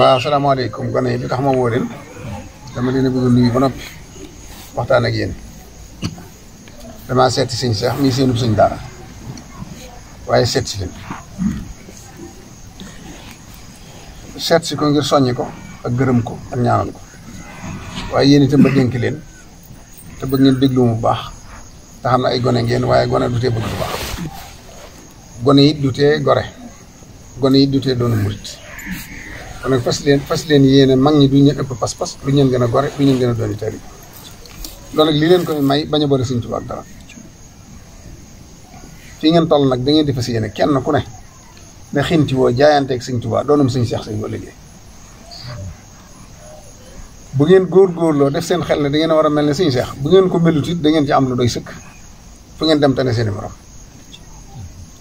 waaw asalaamaaleykum gone yi li tax ma woo leen dama leen a bëgg a nuyu ba noppi waxtaan ak yéen damaa seeti si sëñ Seex mii seenub sëñ daara waaye seet si leen seet si ko ngir soññi ko ak gërëm ko ak ñaanal ko waaye yéen itam ba dénk leen te bëgg ngeen déglu mu baax te xam ne ay gone ngeen waaye gone du tee bëgg bu baax gone yi du te gore gone yi du tee doonu murit kon nag fas leen fas leen yéene mag ñi duñ leen ëpp pas-pas duñ leen gën a gore duñ leen gën a doon tari loolu nag li leen koy may bañ a boole Sëñ Tuubaa dara fii ngeen toll nag da ngeen di fas yéene kenn ku ne na xinti woo jaayanteeg Sëñ Tuubaa doonum Sëñ Seex Sëñ wala liggéey bu ngeen góor góorgóorloo def seen xel ne da ngeen war a mel ne Sëñ Seex bu ngeen ko melut it da ngeen ci am lu doy sëkk fu ngeen dem tane seen i morom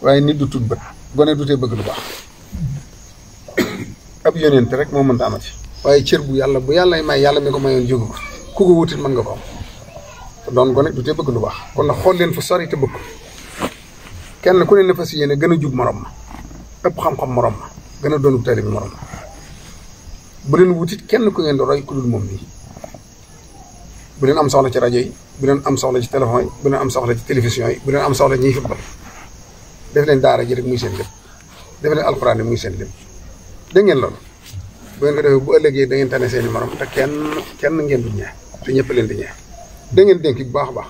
waaye nit du tut bët gone dutee bëgg lu baax. ab yónent rek moo mënta amati waaye cër bu yàlla bu yàllay may yàlla mi ko mayoon jógu ko ku ko wutit man nga ko te doon ko nag du te bëgg lu baax kon nag xool leen fu sori te bëgg kenn ku ne na fas yéene gën a jub morom ma ëpp xam-xam morom ma gën a doon taalibe bi morom ma bu leen wutit kenn ku ngeen di roy ku dul moom nii bu leen am soxla ci rajo yi bu leen am soxla ci téléphone yi bu leen am soxla ci télévision yi bu leen am soxla ci ñiy football leen daara ji rek muy seen lépp def leen alxuraan seen dégg ngeen loolu bu ngeen ko defee bu ëllëgee da ngeen tane seen i morom te kenn kenn ngeen du ñeex te ñëpp leen di ñeex da ngeen dénk bu baax a baax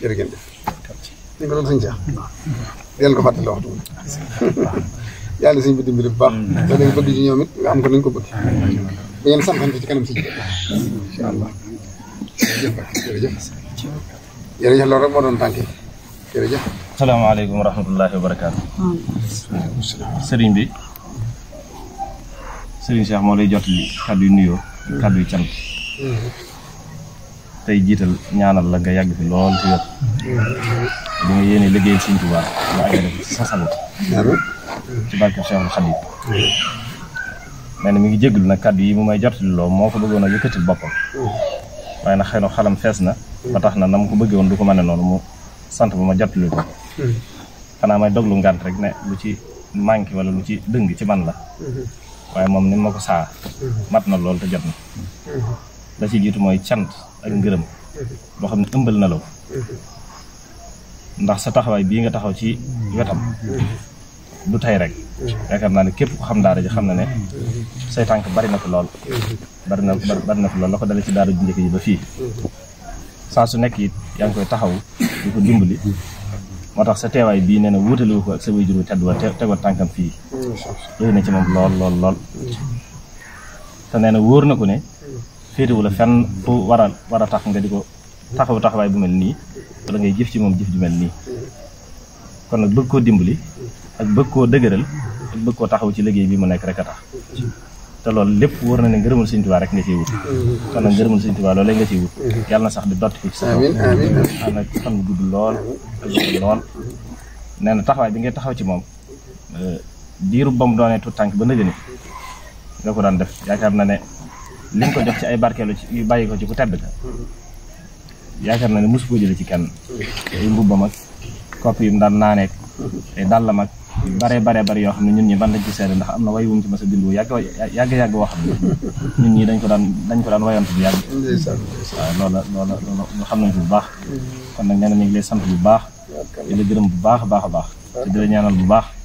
jërë ngeen def. ñu ko doon sëñ Cheikh. Mm. di leen ko bi. yàlla na sëñ bi bu baax. te mm. dañ bëgg ci ñoom it nga am ko nañ ko bëgg. bu mm. ngeen sàmmante ci kanam si. incha allah jërëjëf jërëjëf. jërëjëf loolu rek moo doon tànk yi jërëjëf. salaamaaleykum wa rahmatullahi wa bi. Serigne Cheikh moo lay jot li kàddu yu nuyoo kàddu yu cant tey jiital ñaanal la nga yàgg fi lool ci wet di nga yéene liggéeyal Serigne Touba nga àggale ci sa sago ci barke Cheikhul Khadim na mu ngi jégalu nag kàddu yi mu may jot loo moo ko bëggoon a yëkkatil boppam waaye nag xëy na xalam fees na ba tax na na mu ko bëggee woon du ko mën a noonu mu sant ba ma jottali ko xanaa may doglu ngant rek ne lu ci manqué wala lu ci dëng ci man la waaye moom ni ma ko saa mhm. mat na lool te jot na mhm. la ci jiitu mooy cant ak ngërëm mhm. loo xam ne ëmbal na la ndax sa taxawaay bii nga taxaw ci wetam du tey rek yaakaar naa ne képp ko xam daara ji xam na ne say tànk bari na ko lool bari na bari na ko lool la ko dale ci daara ju njëkk ji ba fii saa su nekk it yaa ngi koy taxaw di ko dimbali moo tax sa teewaay bii nee na wuutale ko ak sa wajuru tedd wa tegoon tànkam fii doy na ci moom lool lool lool te nee na wóor na ko ne féetewu la fenn fu war a war a tax nga di ko taxaw taxawaay bu mel nii wala ngay jëf ci moom jëf ju mel nii kon nag bëgg koo dimbali ak bëgg koo dëgëral ak bëgg koo taxaw ci liggéey bi mu nekk rek a tax te loolu lépp wóor na ne ngërëmul Sëñ Tuubaa rek nga ciy wut kon nag ngërëmul Sëñ Tuubaa loolu nga ciy wut yàlla na sax di dotti ko ci sa amiin amiin am na fan bu gudd lool ak taxawaay bi ngay taxaw ci moom diiru ba mu doonee tuut tànk ba nëgëni nga ko daan def yaakaar na ne li ko def ci ay barkeelu ci yu bàyyi ko ci ku tedd ka yaakaar na ne mosu ko jële ci kenn ay mbubbam ak kopp yi mu daan naaneek ay dàllam ak yu bare bare bari yoo xam ne ñun ñi ban lañ ci seede ndax am na way wum ci a bind wu yàgg yàgg yàgg woo xam ñi dañ ko daan dañ ko daan wayante bu yàgg waaw loola loola loola xam nañ ko bu baax kon nag nee na ñu ngi lay sant bu baax di la gërëm bu baax a baax a baax te di la ñaanal bu baax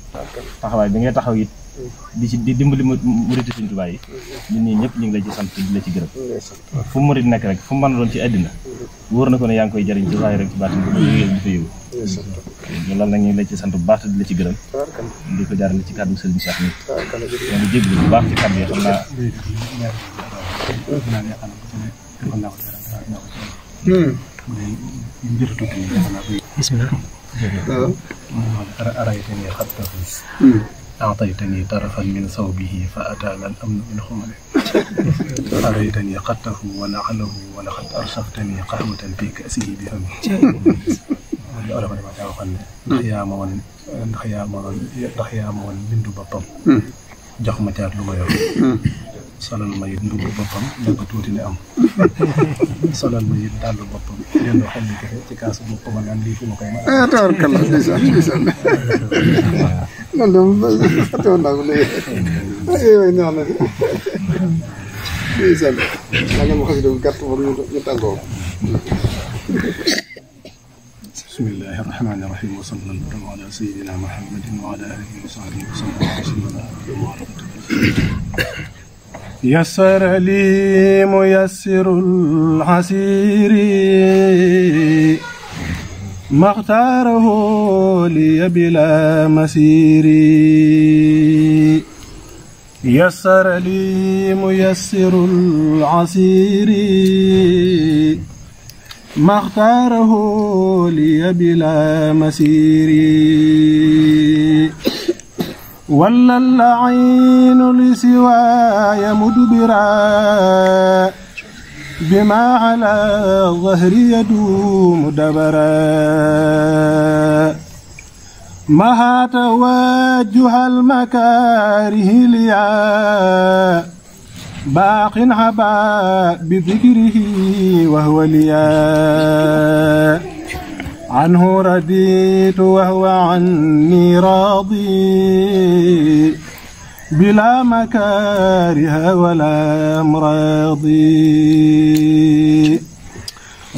taxawaay bi ngay taxaw it di ci di dimbali muritu Sëriñ Tuubaa yi ñun ñii ñëpp ñu ngi la ci sant di la ci gërëm fu mu murit nekk rek fu mu mën a doon ci àddina wóor na ko ne yaa ngi koy jariñ ci waaye rek ci baatin di fa yóbbu loolu nag ñu ngi la ci sant bu baax di la ci gërëm di ko jaarale ci kàddu Sëriñ Cheikh nit ñoo ngi jéglu bu baax ci kàddu yi xam naa hmm. bismillah waaw. araytani xattahu aataytani tarafan min sawbihi fa ataana al amnu min xumari araytani xattahu wa naxlahu wa laqad arshaftani qaxwatan fi kasihi bi fami loolu ma damaa waxoon ne ndax yaa ma woon ndax yaa ma woon ndax yaa ma woon bindu boppam jox ma caat lu ma yor solal ma it mbubb boppam danga tuuti li am solal ma it dàll boppam yenn xel ni kafe ci kaasu bu ko ma naan lii fu ma koy mën a tawar kala ndeysaan ndeysaan loolu de fàttewoon naa ko léegi yooyu neex na ndeysaan maa ngi ma xasida bu gàtt moom ñu tàggoo بسم الله الرحمن الرحيم وصلى الله على سيدنا محمد وعلى اله وصحبه وسلم تسليما يسر لي ميسر العسير ما اختاره لي بلا مسير يسر لي ميسر العسير ما اختاره لي بلا مسير ولا العين لسواي مدبرا بما على ظهري يدوم دبرا مها توجه المكاره ليا باق عبا بذكره وهو ليا عنه رديت وهو عني راضي بلا مكاره ولا امراضي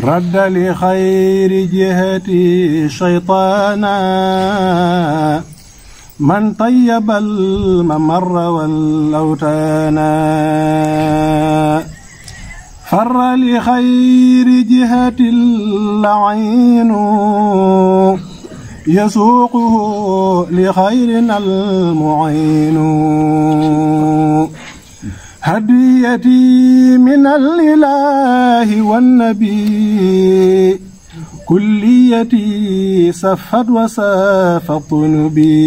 رد لخير جهتي شيطانا من طيب الممر والاوتانا فر لخير جهة العين يسوقه لخيرنا المعين هديتي من الإله والنبي كليتي صفت وصافت نبي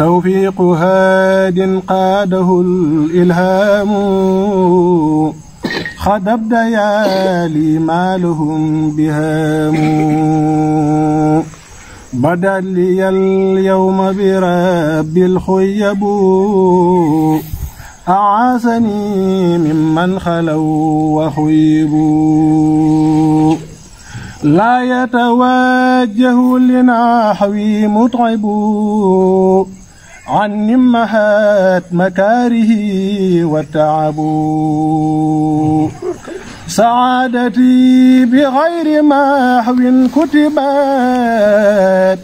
توفيق هاد قاده الإلهام خدب ديالي ما لهم بهام بدا لي اليوم برب الخيب أعاسني ممن خلوا وخيبوا لا يتوجه لنحوي متعب عن امهات مكاره وتعب سعادتي بغير محو كتبت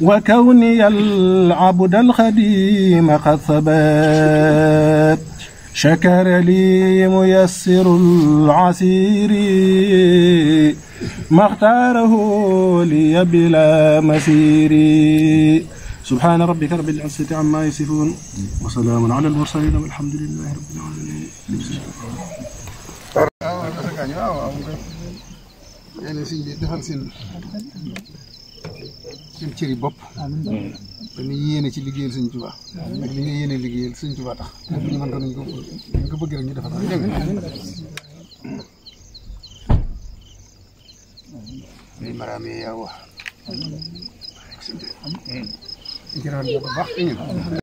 وكوني العبد الخديم قد ثبت شكر لي ميسر العسير ما اختاره لي بلا مسير subhaana rabbika rabbil izzati ammaa yasifuun wa salaamun alal mursaliin walhamdulillaahi rabbil aalamiin waaw waaw yéen sëñ bi defal seen seen cëri bopp te ni yéene ci liggéeyal sëñ Tuubaa ak li nga yéene liggéeyal sëñ Tuubaa tax ñu mën ko nañ ko ñu ko bëgg rek ñu defal ko dégg nga maraam yaa wax jërëjëf bu baax.